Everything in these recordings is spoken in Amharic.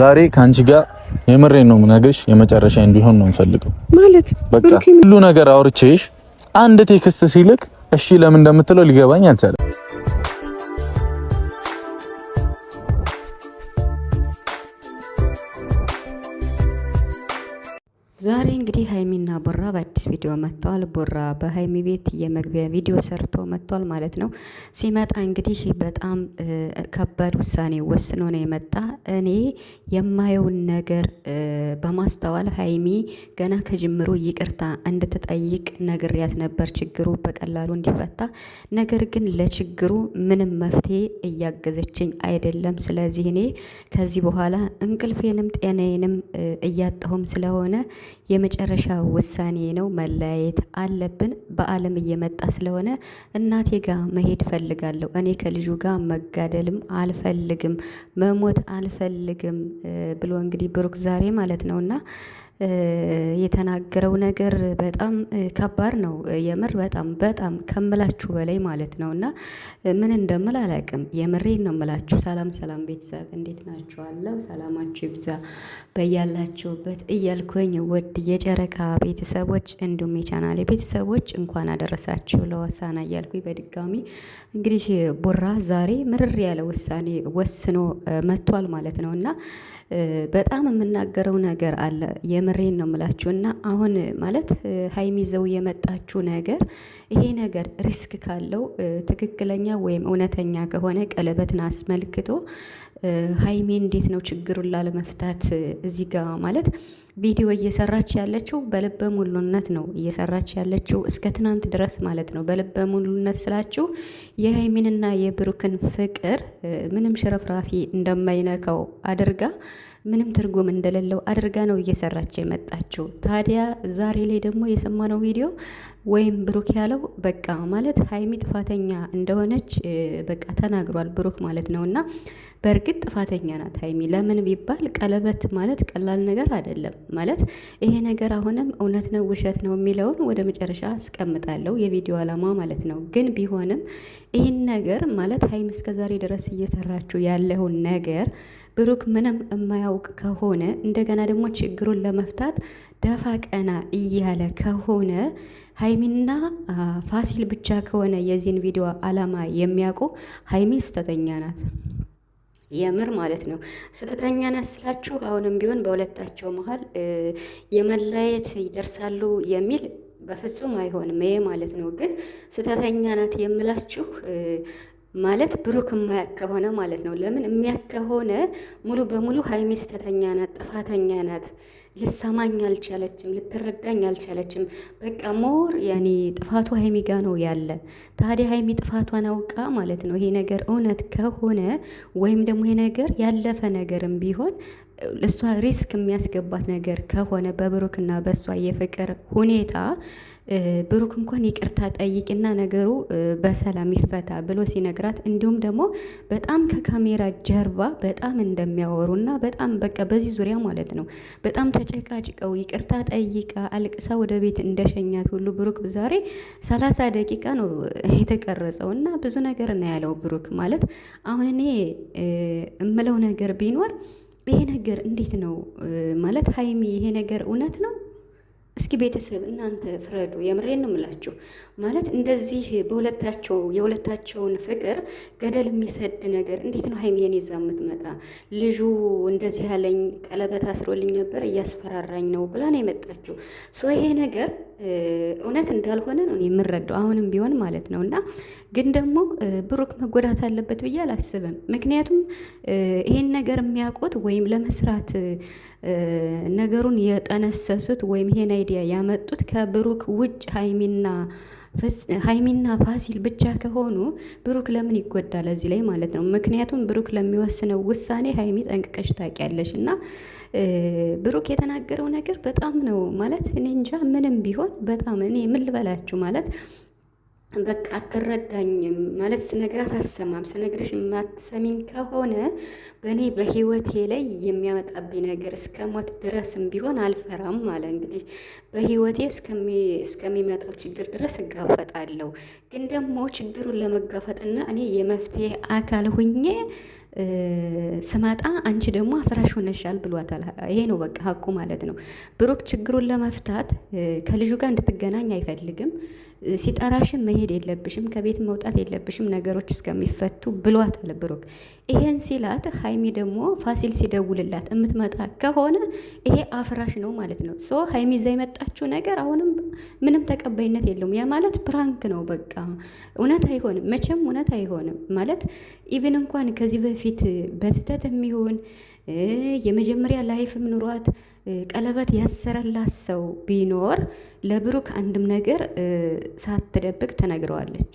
ዛሬ ከአንቺ ጋር የምሬ ነው የምነግርሽ፣ የመጨረሻ እንዲሆን ነው የምፈልገው። ማለት በቃ ሁሉ ነገር አውርቼሽ አንድ ቴክስት ሲልክ እሺ ለምን እንደምትለው ሊገባኝ አልቻለም። እንግዲህ ሀይሚና ቦራ በአዲስ ቪዲዮ መጥተዋል። ቦራ በሀይሚ ቤት የመግቢያ ቪዲዮ ሰርቶ መጥቷል ማለት ነው። ሲመጣ እንግዲህ በጣም ከባድ ውሳኔ ወስኖ ነው የመጣ። እኔ የማየውን ነገር በማስተዋል ሀይሚ ገና ከጅምሮ ይቅርታ እንድትጠይቅ ነግሬያት ነበር፣ ችግሩ በቀላሉ እንዲፈታ። ነገር ግን ለችግሩ ምንም መፍትሄ እያገዘችኝ አይደለም። ስለዚህ እኔ ከዚህ በኋላ እንቅልፌንም ጤናዬንም እያጣሁም ስለሆነ የመጨረሻ ውሳኔ ነው። መለያየት አለብን። በዓለም እየመጣ ስለሆነ እናቴ ጋር መሄድ ፈልጋለሁ። እኔ ከልጁ ጋር መጋደልም አልፈልግም፣ መሞት አልፈልግም ብሎ እንግዲህ ብሩክ ዛሬ ማለት ነው እና የተናገረው ነገር በጣም ከባድ ነው። የምር በጣም በጣም ከምላችሁ በላይ ማለት ነው። እና ምን እንደምል አላውቅም። የምሬን ነው የምላችሁ። ሰላም ሰላም ቤተሰብ እንዴት አለው ሰላማችሁ ይብዛ በያላችሁበት እያልኩኝ ውድ የጨረካ ቤተሰቦች እንዲሁም የቻናሌ ቤተሰቦች እንኳን አደረሳችሁ ለወሳና እያልኩኝ በድጋሚ እንግዲህ ቡራ ዛሬ ምርር ያለ ውሳኔ ወስኖ መጥቷል ማለት ነው እና በጣም የምናገረው ነገር አለ የምሬን ነው የምላችሁ። እና አሁን ማለት ሀይሚ ይዘው የመጣችው ነገር ይሄ ነገር ሪስክ ካለው ትክክለኛ ወይም እውነተኛ ከሆነ ቀለበትን አስመልክቶ ሀይሚ እንዴት ነው ችግሩን ላለመፍታት እዚህ ጋር ማለት ቪዲዮ እየሰራች ያለችው በልበ ሙሉነት ነው እየሰራች ያለችው እስከ ትናንት ድረስ ማለት ነው። በልበ ሙሉነት ስላችሁ የሀይሚንና የብሩክን ፍቅር ምንም ሽረፍራፊ እንደማይነካው አድርጋ ምንም ትርጉም እንደሌለው አድርጋ ነው እየሰራች የመጣችው። ታዲያ ዛሬ ላይ ደግሞ የሰማነው ቪዲዮ ወይም ብሩክ ያለው በቃ ማለት ሀይሚ ጥፋተኛ እንደሆነች በቃ ተናግሯል ብሩክ ማለት ነው። እና በእርግጥ ጥፋተኛ ናት ሀይሚ። ለምን ቢባል ቀለበት ማለት ቀላል ነገር አይደለም። ማለት ይሄ ነገር አሁንም እውነት ነው ውሸት ነው የሚለውን ወደ መጨረሻ አስቀምጣለሁ፣ የቪዲዮ ዓላማ ማለት ነው። ግን ቢሆንም ይህን ነገር ማለት ሀይሚ እስከዛሬ ድረስ እየሰራችው ያለውን ነገር ብሩክ ምንም የማያውቅ ከሆነ እንደገና ደግሞ ችግሩን ለመፍታት ደፋ ቀና እያለ ከሆነ ሀይሚና ፋሲል ብቻ ከሆነ የዚህን ቪዲዮ አላማ የሚያውቁ ሀይሚ ስተተኛ ናት። የምር ማለት ነው ስተተኛ ናት ስላችሁ፣ አሁንም ቢሆን በሁለታቸው መሀል የመለያየት ይደርሳሉ የሚል በፍጹም አይሆንም። ይሄ ማለት ነው ግን ስተተኛ ናት የምላችሁ ማለት ብሩክ የማያቅ ከሆነ ማለት ነው። ለምን የሚያቅ ከሆነ ሙሉ በሙሉ ሀይሚ ስተተኛ ናት፣ ጥፋተኛ ናት፣ ልሰማኝ አልቻለችም፣ ልትረዳኝ አልቻለችም። በቃ ሞር ያኔ ጥፋቱ ሀይሚ ጋ ነው ያለ። ታዲያ ሀይሚ ጥፋቷን አውቃ ማለት ነው ይሄ ነገር እውነት ከሆነ ወይም ደግሞ ይሄ ነገር ያለፈ ነገርም ቢሆን እሷ ሪስክ የሚያስገባት ነገር ከሆነ በብሩክና በእሷ የፍቅር ሁኔታ ብሩክ እንኳን ይቅርታ ጠይቅና ነገሩ በሰላም ይፈታ ብሎ ሲነግራት እንዲሁም ደግሞ በጣም ከካሜራ ጀርባ በጣም እንደሚያወሩና በጣም በቃ በዚህ ዙሪያ ማለት ነው በጣም ተጨቃጭቀው ይቅርታ ጠይቃ አልቅሳ ወደ ቤት እንደሸኛት ሁሉ ብሩክ ዛሬ ሰላሳ ደቂቃ ነው የተቀረጸው እና ብዙ ነገር ነው ያለው ብሩክ ማለት አሁን እኔ እምለው ነገር ቢኖር ይሄ ነገር እንዴት ነው ማለት ሀይሚ ይሄ ነገር እውነት ነው እስኪ ቤተሰብ እናንተ ፍረዱ። የምሬን ነው ማለት እንደዚህ በሁለታቸው የሁለታቸውን ፍቅር ገደል የሚሰድ ነገር እንዴት ነው ሀይሚዬን ይዛ የምትመጣ? ልጁ እንደዚህ ያለኝ ቀለበት አስሮልኝ ነበር እያስፈራራኝ ነው ብላ ነው የመጣችው። ሶ ይሄ ነገር እውነት እንዳልሆነ ነው የምረዳው፣ አሁንም ቢሆን ማለት ነው። እና ግን ደግሞ ብሩክ መጎዳት አለበት ብዬ አላስብም። ምክንያቱም ይሄን ነገር የሚያውቁት ወይም ለመስራት ነገሩን የጠነሰሱት ወይም ይሄን አይዲያ ያመጡት ከብሩክ ውጭ ሀይሚና ሀይሚና ፋሲል ብቻ ከሆኑ ብሩክ ለምን ይጎዳል እዚህ ላይ ማለት ነው። ምክንያቱም ብሩክ ለሚወስነው ውሳኔ ሀይሚ ጠንቅቀሽ ታውቂያለሽ። እና ብሩክ የተናገረው ነገር በጣም ነው ማለት እኔ እንጃ ምንም ቢሆን በጣም እኔ ምን ልበላችሁ ማለት በቃ አትረዳኝም ማለት ስነግራት አሰማም ስነግርሽ የማትሰሚኝ ከሆነ በእኔ በህይወቴ ላይ የሚያመጣብኝ ነገር እስከ ሞት ድረስም ቢሆን አልፈራም አለ። እንግዲህ በህይወቴ እስከሚመጣው ችግር ድረስ እጋፈጣለሁ። ግን ደግሞ ችግሩን ለመጋፈጥና እኔ የመፍትሄ አካል ሁኜ ስመጣ አንቺ ደግሞ አፍራሽ ሆነሻል ብሏታል። ይሄ ነው በቃ ሀቁ ማለት ነው። ብሩክ ችግሩን ለመፍታት ከልጁ ጋር እንድትገናኝ አይፈልግም። ሲጠራሽም መሄድ የለብሽም ከቤት መውጣት የለብሽም ነገሮች እስከሚፈቱ ብሏታል ብሩክ። ይሄን ሲላት ሀይሚ ደግሞ ፋሲል ሲደውልላት የምትመጣ ከሆነ ይሄ አፍራሽ ነው ማለት ነው። ሶ ሀይሚ እዛ የመጣችው ነገር አሁንም ምንም ተቀባይነት የለውም። ያ ማለት ፕራንክ ነው በቃ እውነት አይሆንም፣ መቼም እውነት አይሆንም ማለት ኢቭን እንኳን ከዚህ በፊት በስህተት የሚሆን የመጀመሪያ ላይፍም ኑሯት ቀለበት ያሰረላት ሰው ቢኖር ለብሩክ አንድም ነገር ሳትደብቅ ትነግረዋለች።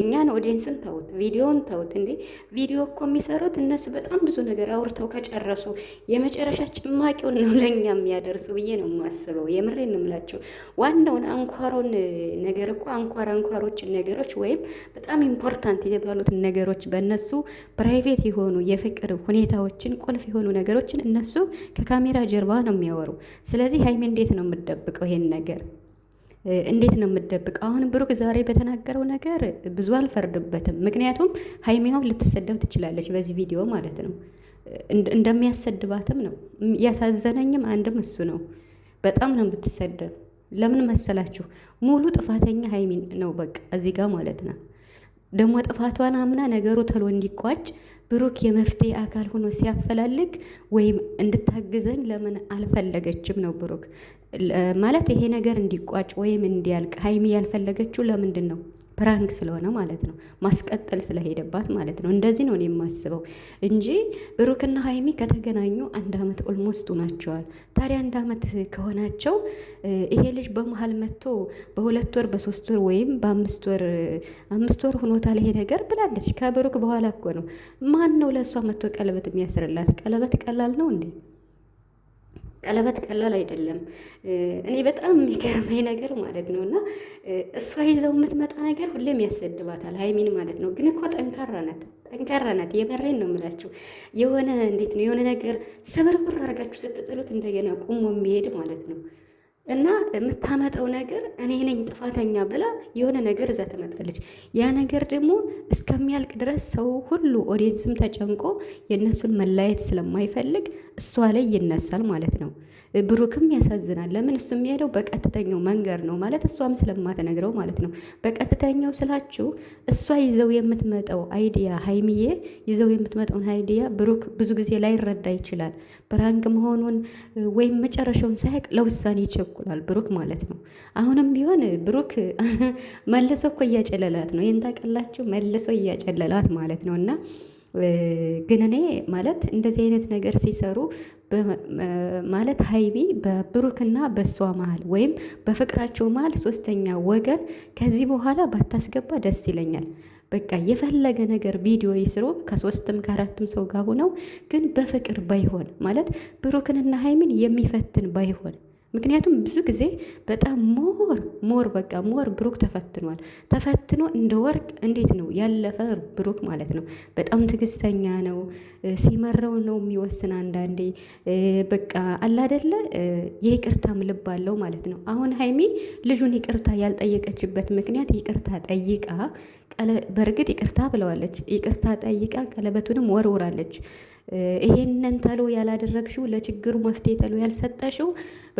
እኛን ኦዲየንስን ተውት፣ ቪዲዮን ተውት። እንዴ ቪዲዮ እኮ የሚሰሩት እነሱ በጣም ብዙ ነገር አውርተው ከጨረሱ የመጨረሻ ጭማቂውን ነው ለእኛ የሚያደርሱ ብዬ ነው የማስበው። የምሬ እንምላቸው ዋናውን አንኳሮን ነገር እኮ አንኳር አንኳሮችን ነገሮች ወይም በጣም ኢምፖርታንት የተባሉትን ነገሮች በእነሱ ፕራይቬት የሆኑ የፍቅር ሁኔታዎችን ቁልፍ የሆኑ ነገሮችን እነሱ ከካሜራ ጀርባ ነው የሚያወሩ። ስለዚህ ሀይሜ እንዴት ነው የምደብቀው ይሄን ነገር? እንዴት ነው የምደብቅ? አሁን ብሩክ ዛሬ በተናገረው ነገር ብዙ አልፈርድበትም። ምክንያቱም ሀይሚያው ልትሰደብ ትችላለች በዚህ ቪዲዮ ማለት ነው። እንደሚያሰድባትም ነው ያሳዘነኝም፣ አንድም እሱ ነው። በጣም ነው የምትሰደብ። ለምን መሰላችሁ? ሙሉ ጥፋተኛ ሀይሚ ነው በቃ እዚህ ጋር ማለት ነው። ደግሞ ጥፋቷን አምና ነገሩ ቶሎ እንዲቋጭ ብሩክ የመፍትሄ አካል ሆኖ ሲያፈላልግ ወይም እንድታግዘኝ ለምን አልፈለገችም ነው? ብሩክ ማለት ይሄ ነገር እንዲቋጭ ወይም እንዲያልቅ ሀይሚ ያልፈለገችው ለምንድን ነው? ፕራንክ ስለሆነ ማለት ነው። ማስቀጠል ስለሄደባት ማለት ነው። እንደዚህ ነው የማስበው እንጂ ብሩክና ሀይሚ ከተገናኙ አንድ አመት ኦልሞስቱ ናቸዋል። ታዲያ አንድ አመት ከሆናቸው ይሄ ልጅ በመሀል መጥቶ በሁለት ወር በሶስት ወር ወይም በአምስት ወር አምስት ወር ሁኖታል ይሄ ነገር ብላለች። ከብሩክ በኋላ እኮ ነው። ማን ነው ለእሷ መጥቶ ቀለበት የሚያስርላት? ቀለበት ቀላል ነው እንዴ? ቀለበት ቀላል አይደለም። እኔ በጣም የሚገርመኝ ነገር ማለት ነው እና እሷ ይዘው የምትመጣ ነገር ሁሌም ያሰድባታል ሀይሚን ማለት ነው። ግን እኮ ጠንካራ ናት፣ ጠንካራ ናት። የበሬን ነው የምላችሁ። የሆነ እንዴት ነው የሆነ ነገር ሰበርብር አድርጋችሁ ስትጥሉት እንደገና ቁሞ የሚሄድ ማለት ነው። እና የምታመጠው ነገር እኔ ነኝ ጥፋተኛ ብላ የሆነ ነገር እዛ ትመጣለች። ያ ነገር ደግሞ እስከሚያልቅ ድረስ ሰው ሁሉ ኦዲየንስም ተጨንቆ የእነሱን መለያየት ስለማይፈልግ እሷ ላይ ይነሳል ማለት ነው። ብሩክም ያሳዝናል። ለምን እሱ የሚሄደው በቀጥተኛው መንገድ ነው ማለት እሷም ስለማትነግረው ማለት ነው። በቀጥተኛው ስላችሁ እሷ ይዘው የምትመጣው አይዲያ ሀይሚዬ ይዘው የምትመጣውን አይዲያ ብሩክ ብዙ ጊዜ ላይረዳ ይችላል። ብራንክ መሆኑን ወይም መጨረሻውን ሳያቅ ለውሳኔ ይቸኩላል ብሩክ ማለት ነው። አሁንም ቢሆን ብሩክ መልሶ እኮ እያጨለላት ነው። ይህን ታውቃላችሁ። መልሶ እያጨለላት ማለት ነው እና ግን እኔ ማለት እንደዚህ አይነት ነገር ሲሰሩ ማለት ሀይሚ በብሩክና በእሷ መሀል ወይም በፍቅራቸው መሀል ሶስተኛ ወገን ከዚህ በኋላ ባታስገባ ደስ ይለኛል። በቃ የፈለገ ነገር ቪዲዮ ይስሩ ከሶስትም ከአራትም ሰው ጋር ሆነው ግን በፍቅር ባይሆን ማለት ብሩክንና ሀይሚን የሚፈትን ባይሆን ምክንያቱም ብዙ ጊዜ በጣም ሞር ሞር በቃ ሞር ብሩክ ተፈትኗል። ተፈትኖ እንደ ወርቅ እንዴት ነው ያለፈ ብሩክ ማለት ነው። በጣም ትዕግስተኛ ነው። ሲመረው ነው የሚወስን። አንዳንዴ በቃ አላደለ የይቅርታም ልብ አለው ማለት ነው። አሁን ሀይሚ ልጁን ይቅርታ ያልጠየቀችበት ምክንያት ይቅርታ ጠይቃ በእርግጥ ይቅርታ ብለዋለች። ይቅርታ ጠይቃ ቀለበቱንም ወርውራለች። ይሄንን ተሎ ያላደረግሽው ለችግሩ መፍትሄ ተሎ ያልሰጠሽው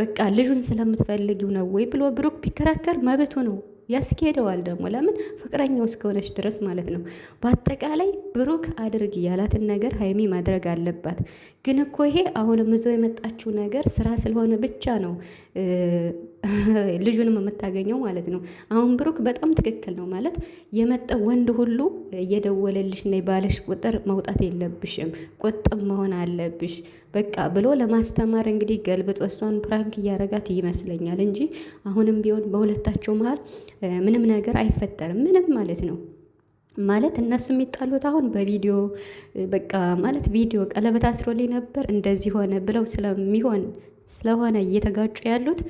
በቃ ልጁን ስለምትፈልጊው ነው ወይ ብሎ ብሩክ ቢከራከር መብቱ ነው። ያስኬደዋል ደግሞ ለምን ፍቅረኛው እስከሆነች ድረስ ማለት ነው። በአጠቃላይ ብሩክ አድርግ ያላትን ነገር ሀይሚ ማድረግ አለባት። ግን እኮ ይሄ አሁንም ይዞ የመጣችው ነገር ስራ ስለሆነ ብቻ ነው ልጁንም የምታገኘው ማለት ነው። አሁን ብሩክ በጣም ትክክል ነው ማለት የመጣ ወንድ ሁሉ እየደወለልሽ ነይ ባለሽ ቁጥር መውጣት የለብሽም ቁጥብ መሆን አለብሽ በቃ ብሎ ለማስተማር እንግዲህ ገልብጦ እሷን ፕራንክ እያረጋት ይመስለኛል እንጂ አሁንም ቢሆን በሁለታቸው መሀል ምንም ነገር አይፈጠርም። ምንም ማለት ነው ማለት እነሱ የሚጣሉት አሁን በቪዲዮ በቃ ማለት ቪዲዮ ቀለበት አስሮልኝ ነበር እንደዚህ ሆነ ብለው ስለሚሆን ስለሆነ እየተጋጩ ያሉት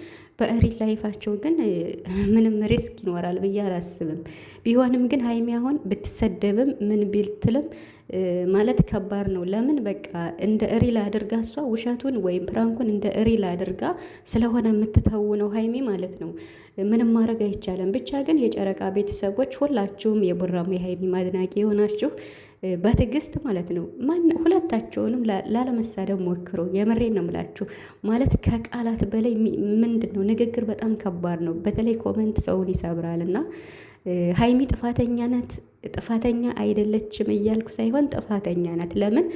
በሪል ላይፋቸው ግን ምንም ሪስክ ይኖራል ብዬ አላስብም። ቢሆንም ግን ሀይሚ አሁን ብትሰደብም ምን ቢልትልም ማለት ከባድ ነው። ለምን በቃ እንደ ሪል አድርጋ እሷ ውሸቱን ወይም ፕራንኩን እንደ ሪል አድርጋ ስለሆነ ነው ሀይሚ ማለት ነው። ምንም ማድረግ አይቻልም። ብቻ ግን የጨረቃ ቤተሰቦች ሁላችሁም የቡራማ የሀይሚ ማድናቂ የሆናችሁ በትዕግስት ማለት ነው ሁለታቸውንም ላለመሳደብ ሞክሮ የምሬን ነው ምላችሁ ማለት ከቃላት በላይ ምንድን ነው ንግግር በጣም ከባድ ነው። በተለይ ኮመንት ሰውን ይሰብራል እና ሀይሚ ጥፋተኛነት ጥፋተኛ አይደለችም እያልኩ ሳይሆን ጥፋተኛ ናት። ለምን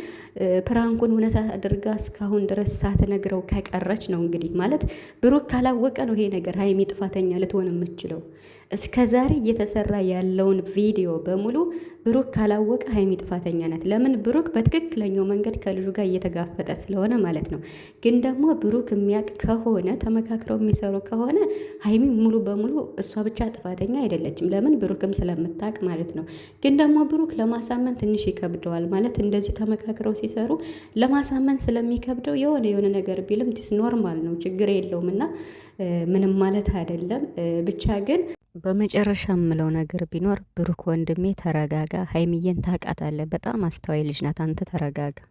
ፕራንኩን እውነት አድርጋ እስካሁን ድረስ ሳትነግረው ከቀረች ነው። እንግዲህ ማለት ብሩክ ካላወቀ ነው ይሄ ነገር ሀይሚ ጥፋተኛ ልትሆን የምችለው። እስከ ዛሬ እየተሰራ ያለውን ቪዲዮ በሙሉ ብሩክ ካላወቀ ሀይሚ ጥፋተኛ ናት። ለምን ብሩክ በትክክለኛው መንገድ ከልጁ ጋር እየተጋፈጠ ስለሆነ ማለት ነው። ግን ደግሞ ብሩክ የሚያውቅ ከሆነ ተመካክረው የሚሰሩ ከሆነ ሀይሚ ሙሉ በሙሉ እሷ ብቻ ጥፋተኛ አይደለችም። ለምን ብሩክም ስለምታውቅ ማለት ነው። ግን ደግሞ ብሩክ ለማሳመን ትንሽ ይከብደዋል። ማለት እንደዚህ ተመካክረው ሲሰሩ ለማሳመን ስለሚከብደው የሆነ የሆነ ነገር ቢልም ዲስ ኖርማል ነው፣ ችግር የለውም እና ምንም ማለት አይደለም። ብቻ ግን በመጨረሻ የምለው ነገር ቢኖር ብሩክ ወንድሜ ተረጋጋ። ሀይሚዬን ታውቃታለህ፣ በጣም አስተዋይ ልጅ ናት። አንተ ተረጋጋ።